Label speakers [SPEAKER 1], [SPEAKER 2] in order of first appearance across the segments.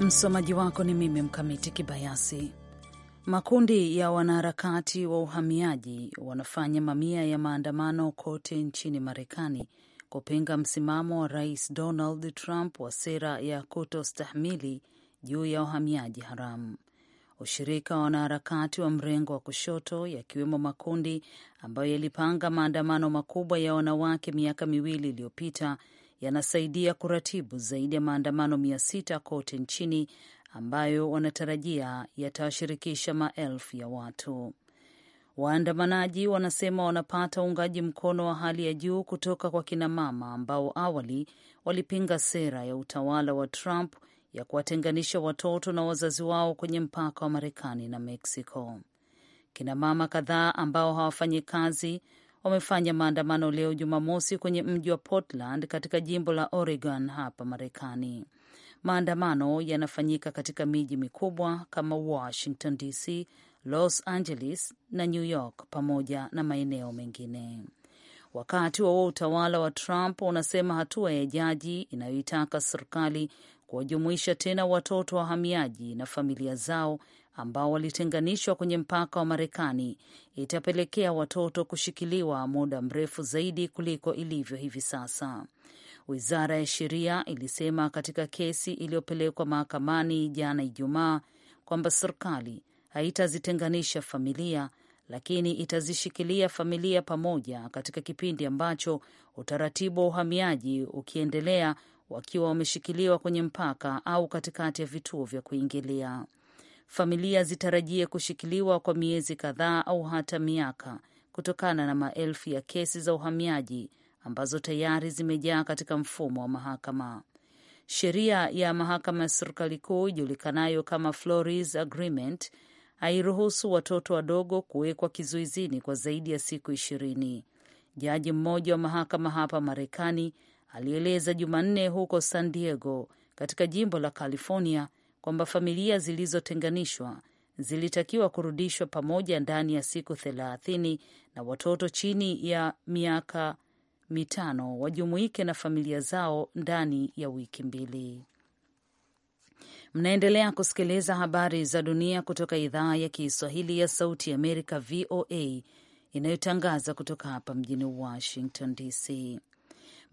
[SPEAKER 1] Msomaji wako ni mimi Mkamiti Kibayasi. Makundi ya wanaharakati wa uhamiaji wanafanya mamia ya maandamano kote nchini Marekani kupinga msimamo wa Rais Donald Trump wa sera ya kutostahimili juu ya uhamiaji haramu. Ushirika wa wanaharakati wa mrengo wa kushoto yakiwemo makundi ambayo yalipanga maandamano makubwa ya wanawake miaka miwili iliyopita yanasaidia kuratibu zaidi ya maandamano mia sita kote nchini ambayo wanatarajia yatawashirikisha maelfu ya watu. Waandamanaji wanasema wanapata uungaji mkono wa hali ya juu kutoka kwa kinamama ambao awali walipinga sera ya utawala wa Trump ya kuwatenganisha watoto na wazazi wao kwenye mpaka wa Marekani na Meksiko. Kinamama kadhaa ambao hawafanyi kazi wamefanya maandamano leo Jumamosi kwenye mji wa Portland katika jimbo la Oregon hapa Marekani. Maandamano yanafanyika katika miji mikubwa kama Washington DC, Los Angeles na New York pamoja na maeneo mengine. Wakati wao utawala wa Trump unasema hatua ya jaji inayoitaka serikali kuwajumuisha tena watoto wahamiaji na familia zao ambao walitenganishwa kwenye mpaka wa Marekani itapelekea watoto kushikiliwa muda mrefu zaidi kuliko ilivyo hivi sasa. Wizara ya Sheria ilisema katika kesi iliyopelekwa mahakamani jana Ijumaa kwamba serikali haitazitenganisha familia lakini itazishikilia familia pamoja katika kipindi ambacho utaratibu wa uhamiaji ukiendelea, wakiwa wameshikiliwa kwenye mpaka au katikati ya vituo vya kuingilia familia zitarajie kushikiliwa kwa miezi kadhaa au hata miaka kutokana na maelfu ya kesi za uhamiaji ambazo tayari zimejaa katika mfumo wa mahakama. Sheria ya mahakama ya serikali kuu ijulikanayo kama Flores Agreement hairuhusu watoto wadogo kuwekwa kizuizini kwa zaidi ya siku ishirini. Jaji mmoja wa mahakama hapa Marekani alieleza Jumanne huko San Diego katika jimbo la California kwamba familia zilizotenganishwa zilitakiwa kurudishwa pamoja ndani ya siku thelathini na watoto chini ya miaka mitano wajumuike na familia zao ndani ya wiki mbili. Mnaendelea kusikiliza habari za dunia kutoka idhaa ya Kiswahili ya Sauti Amerika, VOA, inayotangaza kutoka hapa mjini Washington DC.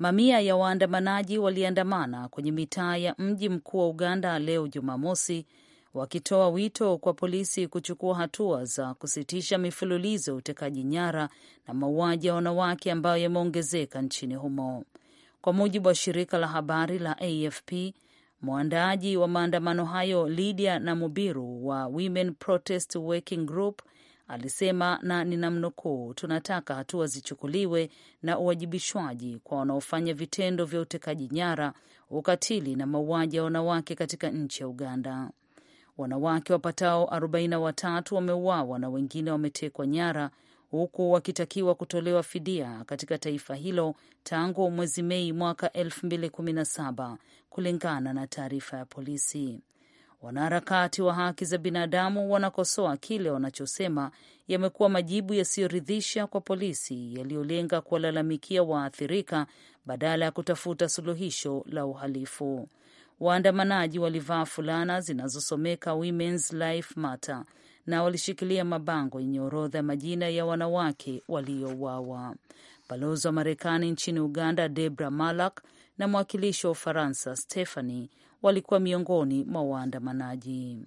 [SPEAKER 1] Mamia ya waandamanaji waliandamana kwenye mitaa ya mji mkuu wa Uganda leo Jumamosi, wakitoa wito kwa polisi kuchukua hatua za kusitisha mifululizo ya utekaji nyara na mauaji ya wanawake ambayo yameongezeka nchini humo. Kwa mujibu wa shirika la habari la AFP, mwandaaji wa maandamano hayo Lydia Namubiru wa Women Protest Working Group alisema, na ninamnukuu, tunataka hatua zichukuliwe na uwajibishwaji kwa wanaofanya vitendo vya utekaji nyara, ukatili na mauaji ya wanawake katika nchi ya Uganda. Wanawake wapatao 43 wameuawa na wengine wametekwa nyara huku wakitakiwa kutolewa fidia katika taifa hilo tangu mwezi Mei mwaka 2017 kulingana na taarifa ya polisi. Wanaharakati wa haki za binadamu wanakosoa kile wanachosema yamekuwa majibu yasiyoridhisha kwa polisi yaliyolenga kuwalalamikia waathirika badala ya kutafuta suluhisho la uhalifu. Waandamanaji walivaa fulana zinazosomeka Women's Life Matter na walishikilia mabango yenye orodha ya majina ya wanawake waliouawa. Balozi wa Marekani nchini Uganda Debra Malak na mwakilishi wa Ufaransa Stephanie walikuwa miongoni mwa waandamanaji.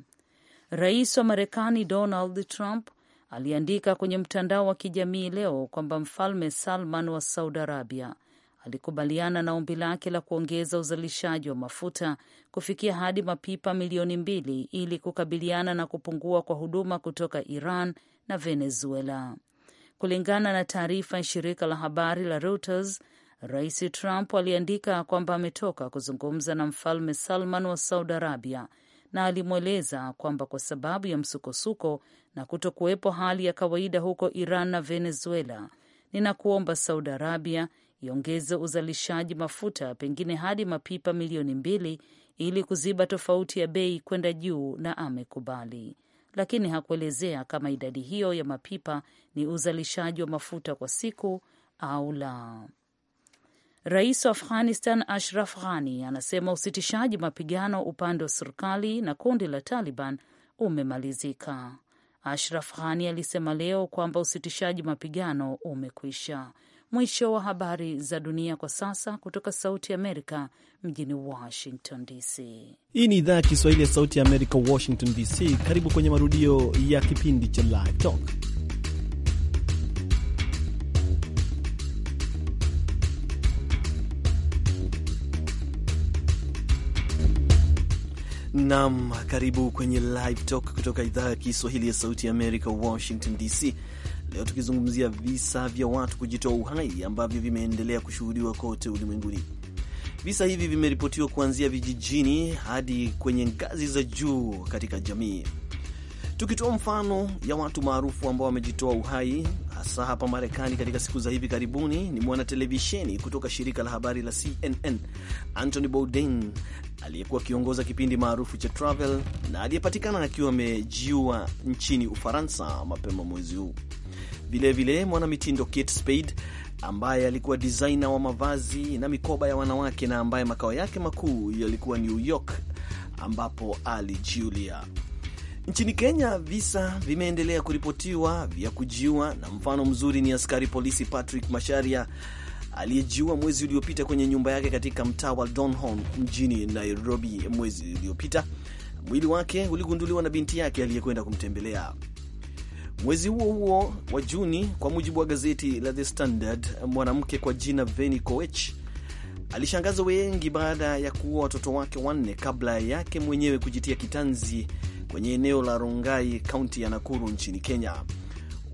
[SPEAKER 1] Rais wa Marekani Donald Trump aliandika kwenye mtandao wa kijamii leo kwamba Mfalme Salman wa Saudi Arabia alikubaliana na ombi lake la kuongeza uzalishaji wa mafuta kufikia hadi mapipa milioni mbili ili kukabiliana na kupungua kwa huduma kutoka Iran na Venezuela. Kulingana na taarifa ya shirika la habari la Reuters, Rais Trump aliandika kwamba ametoka kuzungumza na Mfalme Salman wa Saudi Arabia na alimweleza kwamba kwa sababu ya msukosuko na kutokuwepo hali ya kawaida huko Iran na Venezuela, ninakuomba Saudi Arabia iongeze uzalishaji mafuta pengine hadi mapipa milioni mbili ili kuziba tofauti ya bei kwenda juu, na amekubali, lakini hakuelezea kama idadi hiyo ya mapipa ni uzalishaji wa mafuta kwa siku au la. Rais wa Afghanistan Ashraf Ghani anasema usitishaji mapigano upande wa serikali na kundi la Taliban umemalizika. Ashraf Ghani alisema leo kwamba usitishaji mapigano umekwisha. Mwisho wa habari za dunia kwa sasa kutoka Sauti ya Amerika mjini Washington DC.
[SPEAKER 2] Hii ni idhaa ya Kiswahili ya Sauti ya Amerika, Washington DC. Karibu kwenye marudio ya kipindi cha Live Talk Nam, karibu kwenye Live Talk kutoka idhaa ya Kiswahili ya Sauti ya Amerika, Washington DC. Leo tukizungumzia visa vya watu kujitoa uhai ambavyo vimeendelea kushuhudiwa kote ulimwenguni. Visa hivi vimeripotiwa kuanzia vijijini hadi kwenye ngazi za juu katika jamii. Tukitoa mfano ya watu maarufu ambao wamejitoa uhai hasa hapa Marekani katika siku za hivi karibuni, ni mwanatelevisheni kutoka shirika la habari la CNN Anthony Bourdain aliyekuwa akiongoza kipindi maarufu cha Travel na aliyepatikana akiwa amejiua nchini Ufaransa mapema mwezi huu. Vilevile mwanamitindo Kate Spade ambaye alikuwa designer wa mavazi na mikoba ya wanawake na ambaye makao yake makuu yalikuwa New York ambapo alijiulia. Nchini Kenya visa vimeendelea kuripotiwa vya kujiua, na mfano mzuri ni askari polisi Patrick Masharia aliyejiua mwezi uliopita kwenye nyumba yake katika mtaa wa Donholm mjini Nairobi mwezi uliopita. Mwili wake uligunduliwa na binti yake aliyekwenda kumtembelea. Mwezi huo huo wa Juni, kwa mujibu wa gazeti la The Standard, mwanamke kwa jina Veni Koech alishangaza wengi baada ya kuua watoto wake wanne kabla yake mwenyewe kujitia kitanzi kwenye eneo la Rongai, kaunti ya Nakuru nchini Kenya.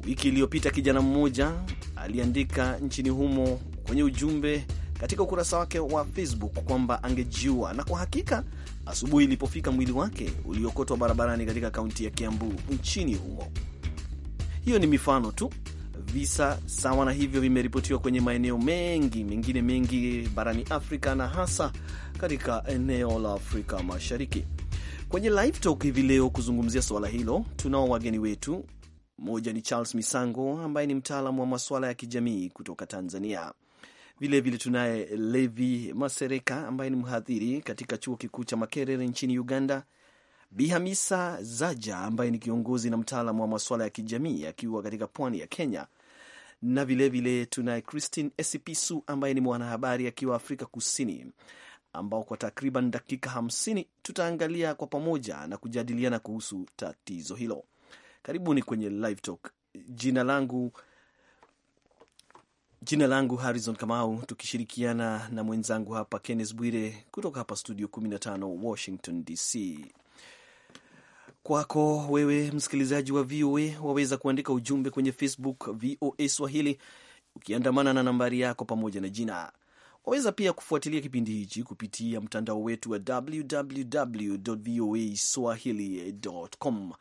[SPEAKER 2] Wiki iliyopita kijana mmoja aliandika nchini humo kwenye ujumbe katika ukurasa wake wa Facebook kwamba angejiua, na kwa hakika asubuhi ilipofika mwili wake uliokotwa barabarani katika kaunti ya Kiambu nchini humo. Hiyo ni mifano tu. Visa sawa na hivyo vimeripotiwa kwenye maeneo mengi mengine mengi barani Afrika na hasa katika eneo la Afrika Mashariki. Kwenye live talk hivi leo kuzungumzia suala hilo tunao wageni wetu. Mmoja ni Charles Misango ambaye ni mtaalamu wa masuala ya kijamii kutoka Tanzania. Vilevile tunaye Levi Masereka ambaye ni mhadhiri katika chuo kikuu cha Makerere nchini Uganda, bihamisa Zaja ambaye ni kiongozi na mtaalamu wa masuala ya kijamii akiwa katika pwani ya Kenya, na vilevile tunaye Christine Esipisu ambaye ni mwanahabari akiwa Afrika Kusini ambao kwa takriban dakika 50 tutaangalia kwa pamoja na kujadiliana kuhusu tatizo hilo. Karibuni kwenye Live Talk. Jina langu jina langu Harrison Kamau, tukishirikiana na mwenzangu hapa Kenneth Bwire kutoka hapa studio 15 Washington DC. Kwako wewe msikilizaji wa VOA, waweza kuandika ujumbe kwenye Facebook VOA Swahili ukiandamana na nambari yako pamoja na jina Waweza pia kufuatilia kipindi hichi kupitia mtandao wetu wa www voa swahili.com.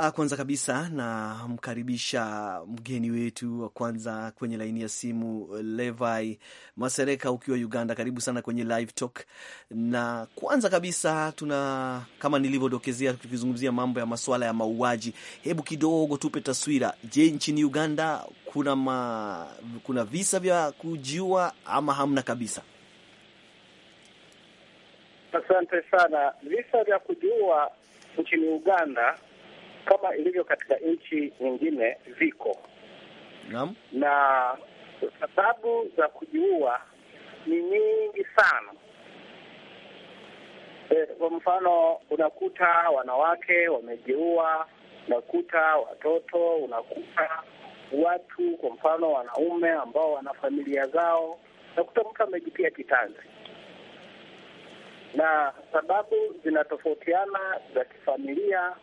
[SPEAKER 2] Ah, kwanza kabisa namkaribisha mgeni wetu wa kwanza kwenye laini ya simu, Levi Masereka ukiwa Uganda. Karibu sana kwenye Live Talk, na kwanza kabisa tuna kama nilivyodokezea, tukizungumzia mambo ya masuala ya mauaji, hebu kidogo tupe taswira. Je, nchini Uganda kuna, ma, kuna visa vya kujiua ama hamna kabisa?
[SPEAKER 3] Asante sana. Visa vya kujiua nchini Uganda kama ilivyo katika nchi nyingine viko naam, na sababu za kujiua ni nyingi sana. E, kwa mfano unakuta wanawake wamejiua, unakuta watoto, unakuta watu kwa mfano wanaume ambao wana familia zao, unakuta mtu amejipia kitanzi, na sababu zinatofautiana za kifamilia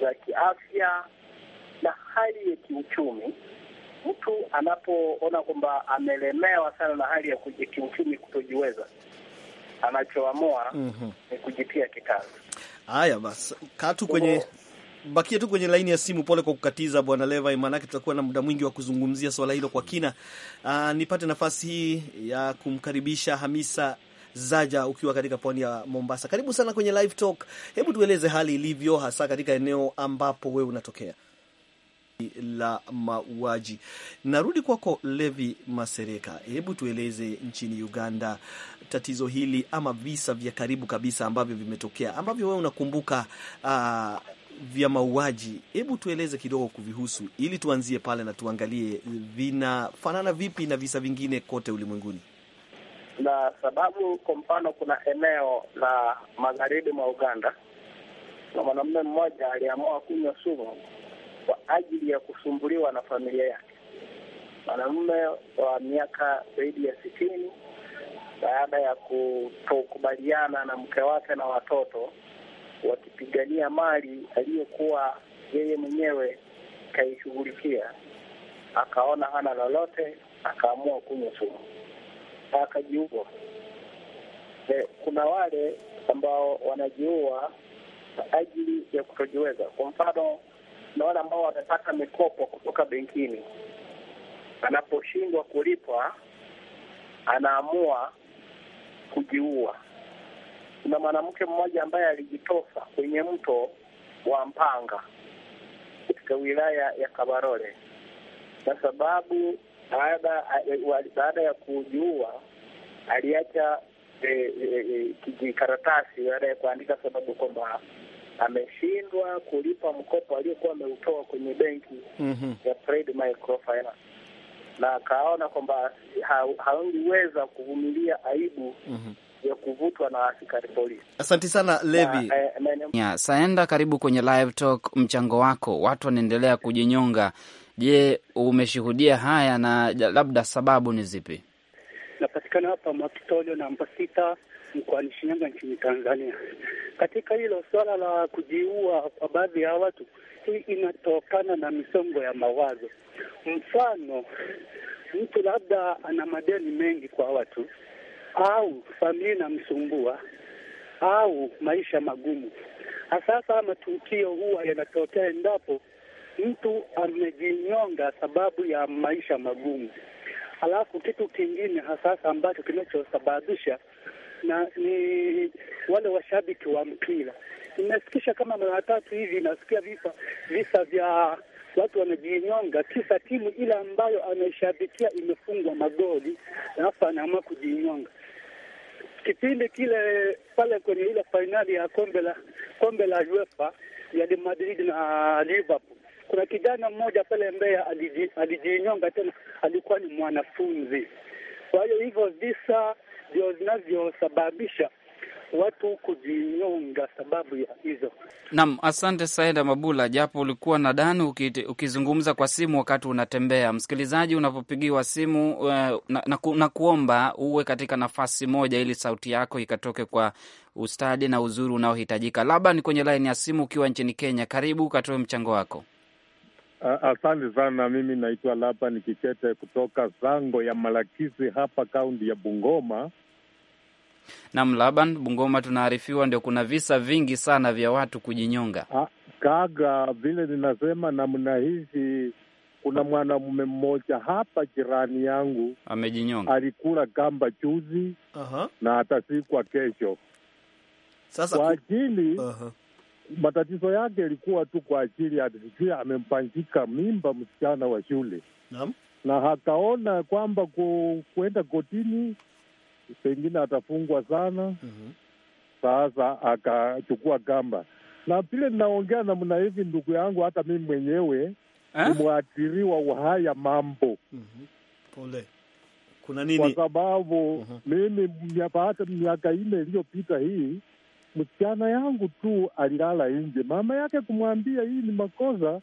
[SPEAKER 3] za kiafya na hali ya kiuchumi. Mtu anapoona kwamba amelemewa sana na hali ya kiuchumi, kutojiweza, anachoamua mm -hmm. ni kujitia kitanda.
[SPEAKER 2] Haya basi, kaa tu kwenye bakia tu kwenye laini ya simu. Pole kwa kukatiza Bwana Levi, maanake tutakuwa na muda mwingi wa kuzungumzia swala hilo kwa kina. Aa, ah, nipate nafasi hii ya kumkaribisha Hamisa Zaja, ukiwa katika pwani ya Mombasa. Karibu sana kwenye Live Talk. Hebu tueleze hali ilivyo hasa katika eneo ambapo wewe unatokea la mauaji. Narudi kwako Levi Masereka, hebu tueleze nchini Uganda tatizo hili ama visa vya karibu kabisa ambavyo vimetokea ambavyo wewe unakumbuka uh, vya mauaji. Hebu tueleze kidogo kuvihusu, ili tuanzie pale na tuangalie vinafanana vipi na visa vingine kote ulimwenguni
[SPEAKER 3] na sababu, kwa mfano, kuna eneo la magharibi mwa Uganda na mwanamume mmoja aliamua kunywa sumu kwa ajili ya kusumbuliwa na familia yake. Mwanamume wa miaka zaidi ya sitini, baada ya kutokubaliana na mke wake na watoto, wakipigania mali aliyokuwa yeye mwenyewe kaishughulikia, akaona hana lolote, akaamua kunywa sumu akajiua. E, kuna wale ambao wanajiua kwa ajili ya kutojiweza. Kwa mfano, na wale ambao wanataka mikopo kutoka benkini, anaposhindwa kulipwa anaamua kujiua. Kuna mwanamke mmoja ambaye alijitosa kwenye mto wa Mpanga katika wilaya ya Kabarole kwa sababu baada, baada ya kujua aliacha e, e, e, kijikaratasi baada ya kuandika sababu kwamba ameshindwa kulipa mkopo aliyokuwa ameutoa kwenye benki mm -hmm. ya Trade Microfinance na akaona kwamba hawangeweza kuvumilia aibu
[SPEAKER 4] mm
[SPEAKER 5] -hmm
[SPEAKER 3] ya kuvutwa
[SPEAKER 2] na askari polisi.
[SPEAKER 5] Asante sana Levi eh, Saenda, karibu kwenye Live Talk. Mchango wako, watu wanaendelea kujinyonga Je, umeshuhudia haya na labda sababu ni zipi?
[SPEAKER 6] Napatikana hapa Mwakitolio namba sita mkoani Shinyanga nchini Tanzania. Katika hilo swala la kujiua kwa baadhi ya watu, hii inatokana na misongo ya mawazo. Mfano, mtu labda ana madeni mengi kwa watu au familia inamsumbua au maisha magumu. Sasa matukio huwa yanatokea endapo mtu amejinyonga sababu ya maisha magumu. Alafu kitu kingine hasa ambacho kinachosababisha na ni wale washabiki wa mpira. Imefikisha kama mara tatu hivi nasikia visa visa vya watu wanajinyonga, kisa timu ile ambayo anaishabikia imefungwa magoli, alafu anaamua kujinyonga. Kipindi kile pale kwenye ile fainali ya kombe la kombe la UEFA ya Madrid na Liverpool, kuna kijana mmoja pale Mbeya alijinyonga, tena alikuwa ni mwanafunzi. Kwa hiyo hivyo visa ndio zinavyosababisha watu kujinyonga sababu ya hizo.
[SPEAKER 5] Naam, asante Saida Mabula, japo ulikuwa nadani ukizungumza kwa simu wakati unatembea. Msikilizaji, unapopigiwa simu eh, na, na, na kuomba uwe katika nafasi moja ili sauti yako ikatoke kwa ustadi na uzuri unaohitajika. Labda ni kwenye laini ya simu ukiwa nchini Kenya. Karibu ukatoe mchango wako.
[SPEAKER 7] Asante sana. Mimi naitwa Lapa ni kutoka Sango ya Malakisi hapa kaunti ya Bungoma.
[SPEAKER 5] Naam, Laban, Bungoma tunaarifiwa ndio kuna visa vingi sana vya watu kujinyonga. Uh,
[SPEAKER 7] kaga vile ninasema namna hizi, kuna mwanamume mmoja hapa jirani yangu
[SPEAKER 5] amejinyonga,
[SPEAKER 7] alikula gamba juzi uh -huh. na atasikwa kesho sasa kwa ajili uh -huh matatizo yake ilikuwa tu kwa ajili ya amempangika mimba msichana wa shule Naam. na akaona kwamba ku, kuenda kotini pengine atafungwa sana mm-hmm. Sasa akachukua kamba, na vile ninaongea namna hivi, ndugu yangu, hata mimi mwenyewe eh? nimwathiriwa mwathiriwa wa haya mambo
[SPEAKER 5] mm-hmm. Pole.
[SPEAKER 7] Kuna nini? Kwa sababu mm-hmm. mimi hata miaka nne iliyopita hii msichana yangu tu alilala nje, mama yake kumwambia hii ni makosa,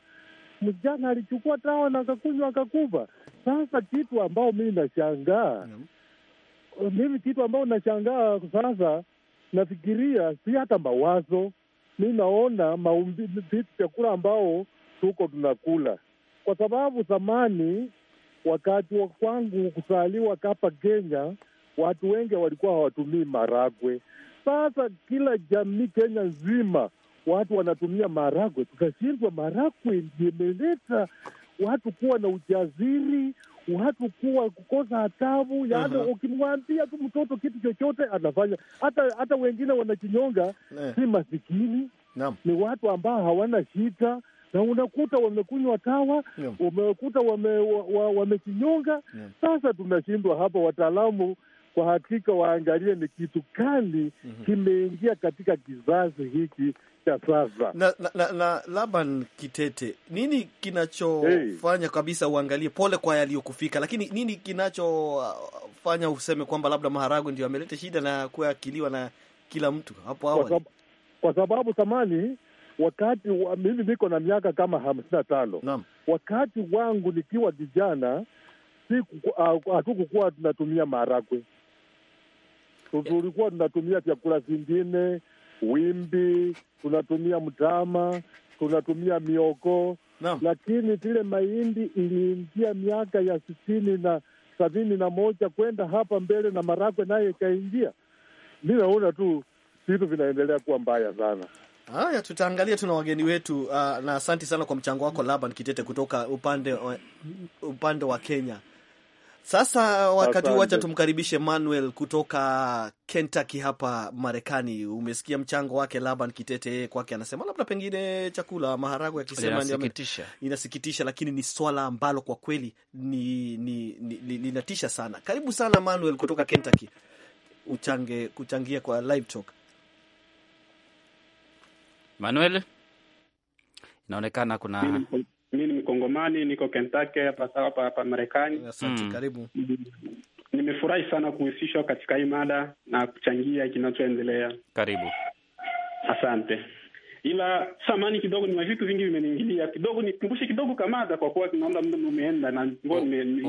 [SPEAKER 7] msichana alichukua dawa na akakunywa akakufa. Sasa kitu ambao mimi nashangaa no. mimi kitu ambao nashangaa sasa, nafikiria si hata mawazo, mi naona vitu chakula ambao tuko tunakula, kwa sababu zamani wakati wa kwangu kusaliwa kapa Kenya watu wengi walikuwa hawatumii maragwe, sasa kila jamii Kenya nzima watu wanatumia maragwe, tukashindwa. Maragwe imeleta watu kuwa na ujaziri, watu kuwa kukosa hatabu. Yaani, ukimwambia tu mtoto kitu chochote anafanya. Hata hata wengine wanachinyonga, eh. si masikini Naam. Ni watu ambao hawana shida na unakuta wamekunywa tawa, umekuta wamechinyonga wame, wa, wa, wame sasa tunashindwa hapa, wataalamu kwa hakika waangalie ni kitu gani mm -hmm. kimeingia katika kizazi hiki cha sasa. Na, na, na, na Laban
[SPEAKER 2] Kitete, nini kinachofanya hey. kabisa uangalie pole kwa yaliyokufika, lakini nini kinachofanya useme kwamba labda maharagwe ndio ameleta shida na kuakiliwa na kila mtu
[SPEAKER 7] hapo awali? Kwa, kwa sababu thamani wakati wa, mimi niko na miaka kama hamsini na tano. Wakati wangu nikiwa kijana uh, hatukukuwa uh, tunatumia maharagwe tulikuwa tunatumia vyakula vingine, wimbi, tunatumia mtama, tunatumia mioko no. Lakini vile mahindi iliingia miaka ya sitini na sabini na moja kwenda hapa mbele na marakwe naye ikaingia, mi naona tu vitu vinaendelea kuwa mbaya sana.
[SPEAKER 2] Haya, tutaangalia tuna wageni wetu uh, na asanti sana kwa mchango wako Laban Kitete kutoka upande, upande wa Kenya. Sasa wakati huu wacha tumkaribishe Manuel kutoka Kentucky hapa Marekani. Umesikia mchango wake Laban Kitete, yeye kwake anasema labda pengine chakula maharagwe, akisema inasikitisha. Inasikitisha, lakini ni swala ambalo kwa kweli ni linatisha sana. Karibu sana Manuel kutoka Kentucky uchange kuchangia kwa
[SPEAKER 5] live talk. Manuel, inaonekana kuna
[SPEAKER 8] mi ni Mkongomani, niko Kentucky hapa hapa hapa Marekani. Asante, hmm. karibu. Nimefurahi sana kuhusishwa katika hii mada na kuchangia kinachoendelea. Karibu, asante. Ila samani kidogo, ni vitu vingi vimeniingilia kidogo, nikumbushe kidogo kamada, kwa kuwa naona muda umeenda na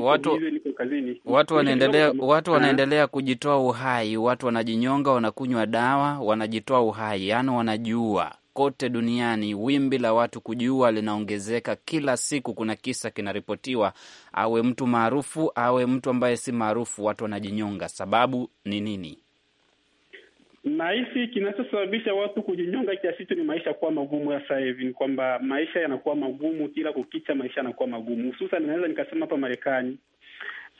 [SPEAKER 8] watu niko kazini. Watu wanaendelea watu ah. wanaendelea
[SPEAKER 5] kujitoa uhai, watu wanajinyonga, wanakunywa dawa, wanajitoa uhai, yani wanajua kote duniani, wimbi la watu kujua linaongezeka kila siku. Kuna kisa kinaripotiwa, awe mtu maarufu, awe mtu ambaye si maarufu, watu wanajinyonga. Sababu ni nini?
[SPEAKER 8] Nahisi kinachosababisha watu kujinyonga kiasi hicho ni maisha kuwa magumu. Sasa hivi ni kwamba maisha yanakuwa magumu, kila kukicha maisha yanakuwa magumu, hususan naweza nikasema hapa Marekani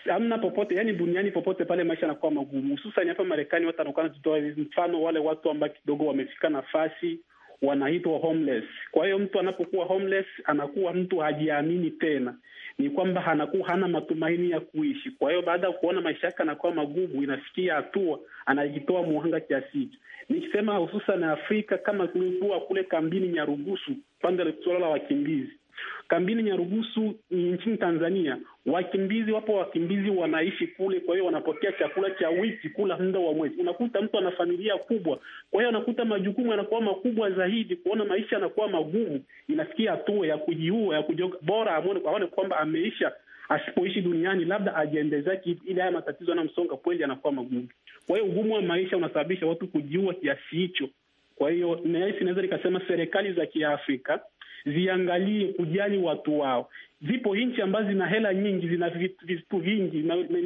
[SPEAKER 8] hamna popote yani, duniani popote pale maisha yanakuwa magumu, hususan hapa Marekani. Watu anakuwa mfano wale watu ambao kidogo wamefika nafasi wanaitwa homeless. Kwa hiyo mtu anapokuwa homeless anakuwa mtu hajiamini tena, ni kwamba anakuwa hana matumaini ya kuishi. Kwa hiyo baada ya kuona maisha yake anakuwa magumu, inafikia hatua anajitoa muhanga kiasi hicho. Nikisema hususan Afrika, kama kulikuwa kule kambini Nyarugusu, pande la suala la wakimbizi Kambini Nyarugusu nchini Tanzania, wakimbizi wapo, wakimbizi wanaishi kule, kwa hiyo wanapokea chakula cha wiki kula muda wa mwezi. Unakuta mtu ana familia kubwa, kwa hiyo anakuta majukumu yanakuwa makubwa zaidi, kuona maisha yanakuwa magumu, inafikia hatua ya kujiua ya kujoka. Bora amuone aone kwamba ameisha asipoishi duniani labda ajende zake, ili haya matatizo anamsonga kweli yanakuwa magumu. Kwa hiyo ugumu wa maisha unasababisha watu kujiua kiasi hicho. Kwa hiyo nahisi naweza nikasema serikali za Kiafrika ziangalie kujali watu wao. Zipo nchi ambazo zina hela nyingi, zina vitu vingi,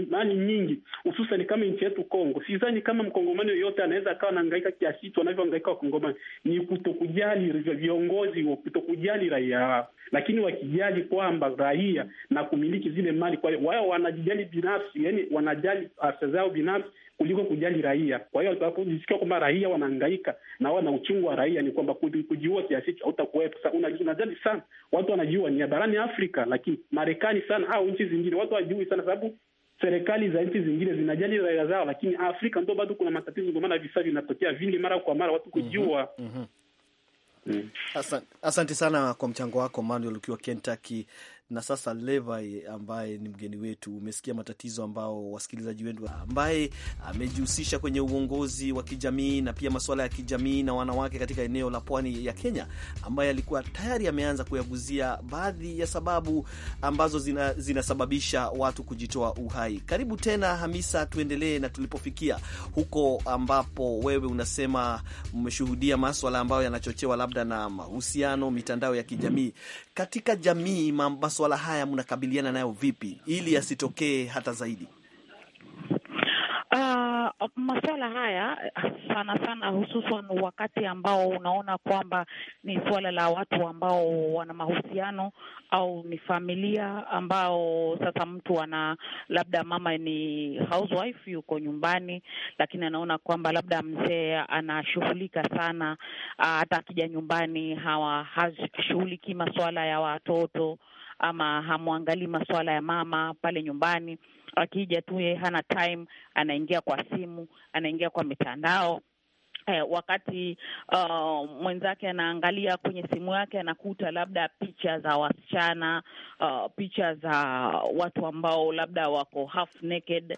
[SPEAKER 8] mali nyingi, hususan kama nchi yetu Kongo. Sidhani kama mkongomani yoyote anaweza akawa anaangaika kiasi hicho wanavyohangaika Wakongomani. Ni kutokujali viongozi, kutokujali raia wao, lakini wakijali kwamba raia na kumiliki zile mali, kwa wao wanajijali binafsi, yani wanajali afya zao binafsi, kuliko kujali raia. Kwa hiyo tunapojisikia kwamba raia wanaangaika na wao na uchungu wa raia, ni kwamba kujiua kiasi hautakuwepo. Unajali sana, watu wanajua ni barani Afrika, lakini Marekani sana au nchi zingine watu wajui sana, sababu serikali za nchi zingine zinajali raia zao, lakini Afrika ndo bado kuna matatizo, ndio maana visa vinatokea vingi mara kwa mara, watu kujiua.
[SPEAKER 2] Mm-hmm. Mm-hmm. mm -hmm. mm -hmm. Asante sana kwa mchango wako Manuel, ukiwa Kentucky na sasa Levi ambaye ni mgeni wetu, umesikia matatizo ambao wasikilizaji wetu, ambaye amejihusisha kwenye uongozi wa kijamii na pia masuala ya kijamii na wanawake katika eneo la pwani ya Kenya, ambaye alikuwa tayari ameanza kuyaguzia baadhi ya sababu ambazo zina, zinasababisha watu kujitoa uhai. Karibu tena Hamisa, tuendelee na tulipofikia huko, ambapo wewe unasema mmeshuhudia maswala ambayo yanachochewa labda na mahusiano, mitandao ya kijamii katika jamii, maswala haya mnakabiliana nayo vipi ili yasitokee hata zaidi?
[SPEAKER 9] Uh, ah, masuala haya sana sana, hususan wakati ambao unaona kwamba ni suala la watu ambao wana mahusiano au ni familia ambao sasa mtu ana labda, mama ni housewife, yuko nyumbani, lakini anaona kwamba labda mzee anashughulika sana, ah, hata akija nyumbani hawa hashughuliki masuala ya watoto ama hamwangalii masuala ya mama pale nyumbani akija tu yeye hana time, anaingia kwa simu, anaingia kwa mitandao, Eh, wakati uh, mwenzake anaangalia kwenye simu yake anakuta labda picha za wasichana uh, picha za watu ambao labda wako half naked.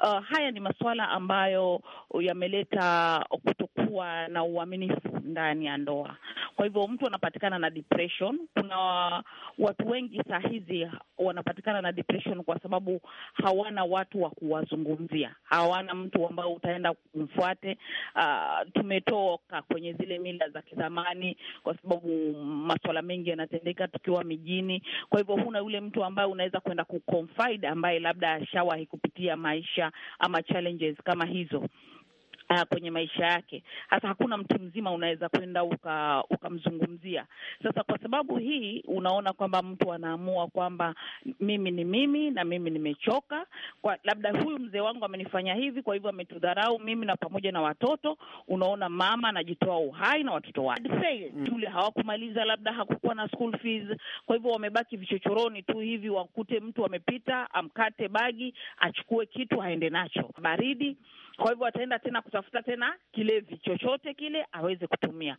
[SPEAKER 9] Uh, haya ni masuala ambayo yameleta kutokuwa na uaminifu ndani ya ndoa. Kwa hivyo mtu anapatikana na depression. Kuna watu wengi saa hizi wanapatikana na depression kwa sababu hawana watu wa kuwazungumzia, hawana mtu ambao utaenda kumfuate. Uh, tumetoka kwenye zile mila za kizamani, kwa sababu masuala mengi yanatendeka tukiwa mijini. Kwa hivyo huna yule mtu ambaye unaweza kwenda kuconfide, ambaye labda ashawahi kupitia maisha ama challenges kama hizo uh, kwenye maisha yake. Hasa hakuna mtu mzima unaweza kwenda ukamzungumzia uka. Sasa kwa sababu hii, unaona kwamba mtu anaamua kwamba mimi ni mimi na mimi nimechoka, kwa labda huyu mzee wangu amenifanya hivi, kwa hivyo ametudharau mimi na pamoja na watoto. Unaona mama anajitoa uhai na watoto wake, shule mm. hawakumaliza, labda hakukuwa na school fees, kwa hivyo wamebaki vichochoroni tu hivi, wakute mtu amepita amkate bagi achukue kitu aende nacho baridi kwa hivyo ataenda tena kutafuta tena kilevi chochote kile aweze kutumia.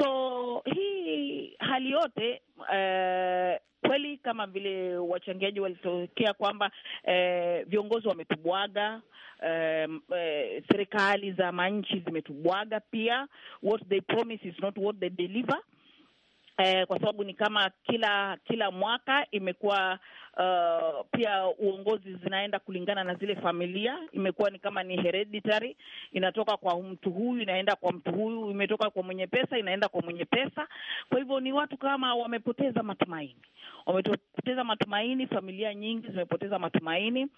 [SPEAKER 9] So hii hali yote uh, kweli kama vile wachangiaji walitokea kwamba eh, viongozi wametubwaga, eh, eh, serikali za manchi zimetubwaga pia. What they promise is not what they deliver eh, kwa sababu ni kama kila kila mwaka imekuwa uh, pia uongozi zinaenda kulingana na zile familia. Imekuwa ni kama ni hereditary, inatoka kwa mtu huyu inaenda kwa mtu huyu, imetoka kwa mwenye pesa inaenda kwa mwenye pesa. Kwa hivyo ni watu kama wamepoteza matumaini, wamepoteza matumaini, familia nyingi zimepoteza matumaini.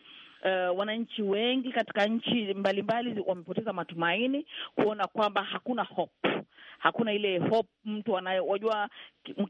[SPEAKER 9] Uh, wananchi wengi katika nchi mbalimbali wamepoteza matumaini kuona kwamba hakuna hope hakuna ile hope mtu anayo. Wajua,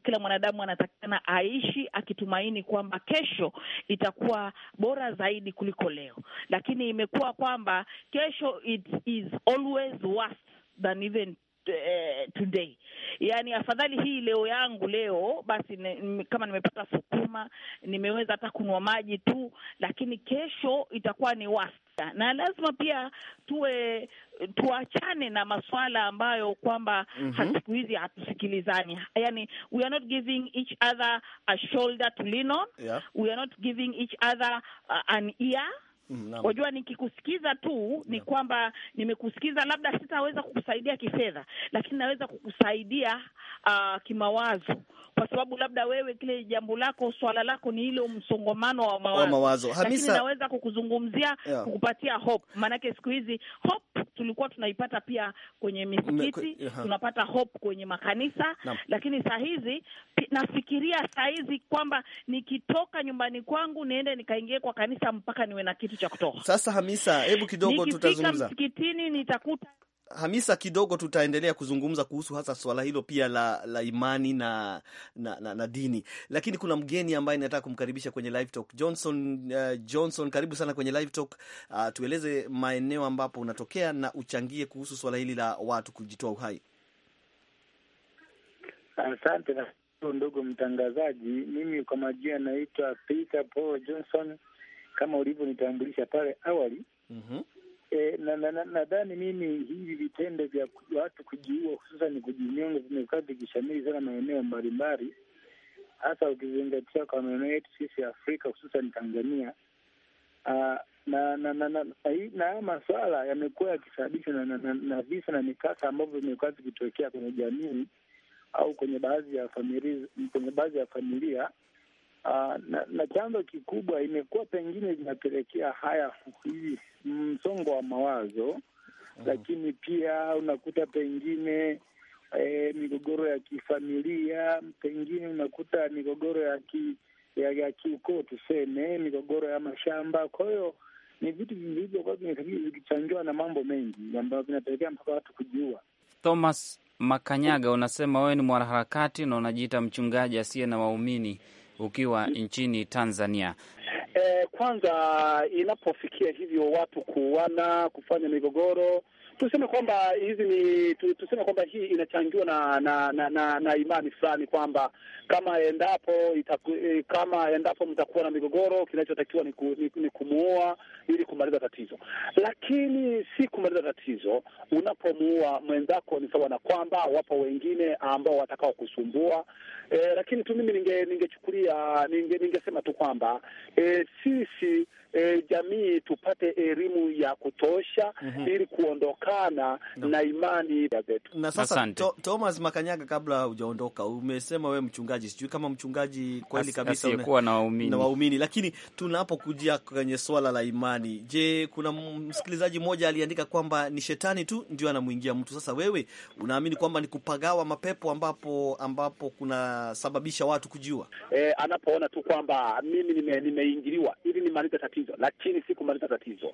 [SPEAKER 9] kila mwanadamu anatakikana aishi akitumaini kwamba kesho itakuwa bora zaidi kuliko leo, lakini imekuwa kwamba kesho it is always worse than even Eh, today yani afadhali hii leo yangu leo basi ne, kama nimepata sukuma nimeweza hata kunwa maji tu, lakini kesho itakuwa ni wasta, na lazima pia tuwe tuachane na masuala ambayo kwamba mm -hmm. siku hizi hatusikilizani, yani we are not giving each other a shoulder to lean on yeah. we are not giving each other uh, an ear
[SPEAKER 1] Mm, Wajua,
[SPEAKER 9] nikikusikiza tu ni kwamba nimekusikiza, labda sitaweza kukusaidia kifedha, lakini naweza kukusaidia uh, kimawazo, kwa sababu labda wewe kile jambo lako swala lako ni ile msongomano wa mawazo, mawazo. Hamisa... naweza kukuzungumzia yeah, kukupatia hope, maanake siku hizi hope tulikuwa tunaipata pia kwenye misikiti kwe, uh-huh. tunapata hope kwenye makanisa na, lakini saa hizi nafikiria saa hizi kwamba nikitoka nyumbani kwangu niende nikaingie kwa kanisa mpaka niwe na kitu kitu cha kutoa.
[SPEAKER 2] Sasa Hamisa, hebu kidogo tutazungumza
[SPEAKER 9] msikitini, nitakuta Hamisa,
[SPEAKER 2] kidogo tutaendelea kuzungumza kuhusu hasa swala hilo pia la, la imani na, na, na, na dini, lakini kuna mgeni ambaye nataka kumkaribisha kwenye live talk. Johnson, uh, Johnson, karibu sana kwenye live talk. Uh, tueleze maeneo ambapo unatokea na uchangie kuhusu swala hili la watu kujitoa uhai.
[SPEAKER 4] Asante ndugu mtangazaji, mimi kwa majina naitwa Peter Paul Johnson kama ulivyonitambulisha pale awali. mm -hmm. E, nadhani na, na, na, mimi hivi vitendo vya watu kujiua hususan kujinyonga vimekuwa vikishamiri sana maeneo mbalimbali, hasa ukizingatia kwa maeneo yetu sisi Afrika hususan Tanzania. Aa, na na na, na, na haya maswala yamekuwa yakisababishwa na, na, na, na visa na mikasa ambavyo vimekuwa vikitokea kwenye jamii au kwenye baadhi ya familia, kwenye baadhi ya familia Uh, na, na chanzo kikubwa imekuwa pengine inapelekea haya hii msongo wa mawazo mm. Lakini pia unakuta pengine e, migogoro ya kifamilia, pengine unakuta migogoro ya ki, ya, ya kiukoo tuseme, migogoro ya mashamba. Kwa hiyo ni vitu vilivyokuwa vikichangiwa na mambo mengi ambayo vinapelekea mpaka watu kujiua.
[SPEAKER 5] Thomas Makanyaga, unasema wewe ni mwanaharakati na unajiita mchungaji asiye na waumini ukiwa nchini Tanzania?
[SPEAKER 6] E, kwanza inapofikia hivyo watu kuuana, kufanya migogoro tuseme kwamba hizi ni tuseme kwamba hii inachangiwa na na, na, na, na imani fulani kwamba kama endapo itaku, e, kama endapo mtakuwa na migogoro, kinachotakiwa ni, ku, ni, ni kumuua ili kumaliza tatizo. Lakini si kumaliza tatizo, unapomuua mwenzako ni sawa na kwamba wapo wengine ambao watakao kusumbua e, lakini tu mimi ningechukulia ninge ningesema tu kwamba e, sisi e, jamii tupate elimu ya kutosha mm -hmm. ili kuondoka kutokana no. na imani ya zetu. Na
[SPEAKER 2] sasa to, Thomas Makanyaga, kabla hujaondoka, umesema wewe mchungaji, sijui kama mchungaji kweli kabisa una, na waumini, lakini tunapokujia kwenye swala la imani, je, kuna msikilizaji mmoja aliandika kwamba ni shetani tu ndio anamwingia mtu. Sasa wewe unaamini kwamba ni kupagawa mapepo ambapo ambapo kunasababisha watu
[SPEAKER 6] kujua E, anapoona tu kwamba mimi nimeingiliwa nime ili nimalize tatizo, lakini
[SPEAKER 5] sikumaliza tatizo.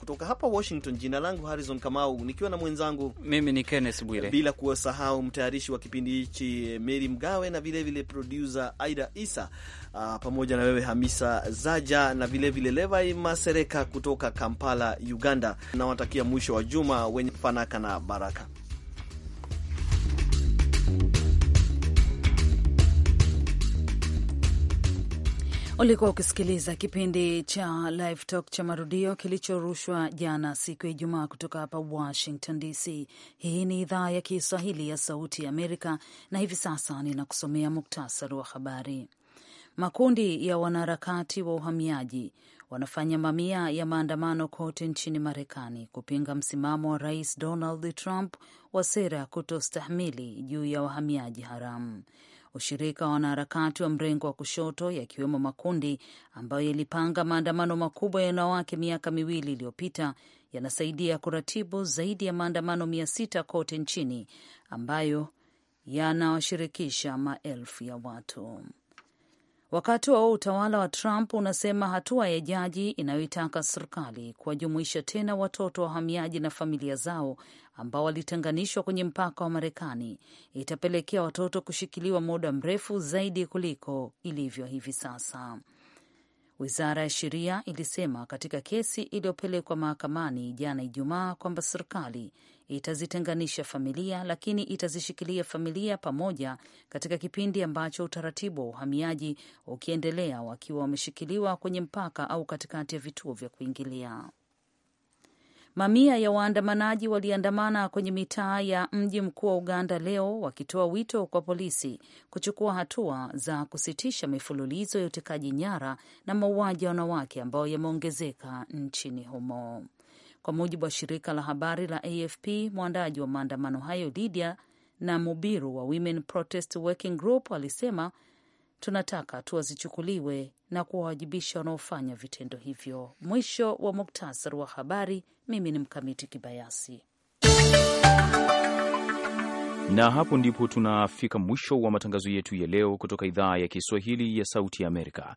[SPEAKER 2] Kutoka hapa Washington, jina langu Harrison Kamau nikiwa na mwenzangu
[SPEAKER 5] mimi ni Kenneth Bwire, bila
[SPEAKER 2] kuwasahau mtayarishi wa kipindi hichi Meri Mgawe na vilevile produsa Aida Isa a, ah, pamoja na wewe Hamisa Zaja na vilevile Levai Masereka kutoka Kampala, Uganda. Nawatakia mwisho wa juma wenye fanaka na baraka.
[SPEAKER 1] Ulikuwa ukisikiliza kipindi cha Live Talk cha marudio kilichorushwa jana siku ya Ijumaa kutoka hapa Washington DC. Hii ni idhaa ya Kiswahili ya Sauti ya Amerika, na hivi sasa ninakusomea muktasari wa habari. Makundi ya wanaharakati wa uhamiaji wanafanya mamia ya maandamano kote nchini Marekani kupinga msimamo wa Rais Donald Trump wa sera kutostahimili juu ya wahamiaji haramu ushirika wa wanaharakati wa mrengo wa kushoto yakiwemo makundi ambayo yalipanga maandamano makubwa ya wanawake miaka miwili iliyopita yanasaidia kuratibu zaidi ya maandamano mia sita kote nchini ambayo yanawashirikisha maelfu ya watu. Wakati wao utawala wa Trump unasema hatua ya jaji inayoitaka serikali kuwajumuisha tena watoto wahamiaji na familia zao ambao walitenganishwa kwenye mpaka wa Marekani itapelekea watoto kushikiliwa muda mrefu zaidi kuliko ilivyo hivi sasa. Wizara ya sheria ilisema katika kesi iliyopelekwa mahakamani jana Ijumaa kwamba serikali itazitenganisha familia, lakini itazishikilia familia pamoja katika kipindi ambacho utaratibu wa uhamiaji ukiendelea, wakiwa wameshikiliwa kwenye mpaka au katikati ya vituo vya kuingilia. Mamia ya waandamanaji waliandamana kwenye mitaa ya mji mkuu wa Uganda leo wakitoa wito kwa polisi kuchukua hatua za kusitisha mifululizo ya utekaji nyara na mauaji ya wanawake ambayo yameongezeka nchini humo. Kwa mujibu wa shirika la habari la AFP, mwandaji wa maandamano hayo Lydia na Mubiru wa Women Protest Working Group alisema, tunataka hatua zichukuliwe na kuwawajibisha wanaofanya vitendo hivyo. Mwisho wa muktasari wa habari. Mimi ni Mkamiti Kibayasi
[SPEAKER 10] na hapo ndipo tunafika mwisho wa matangazo yetu ya leo kutoka idhaa ya Kiswahili ya Sauti ya Amerika.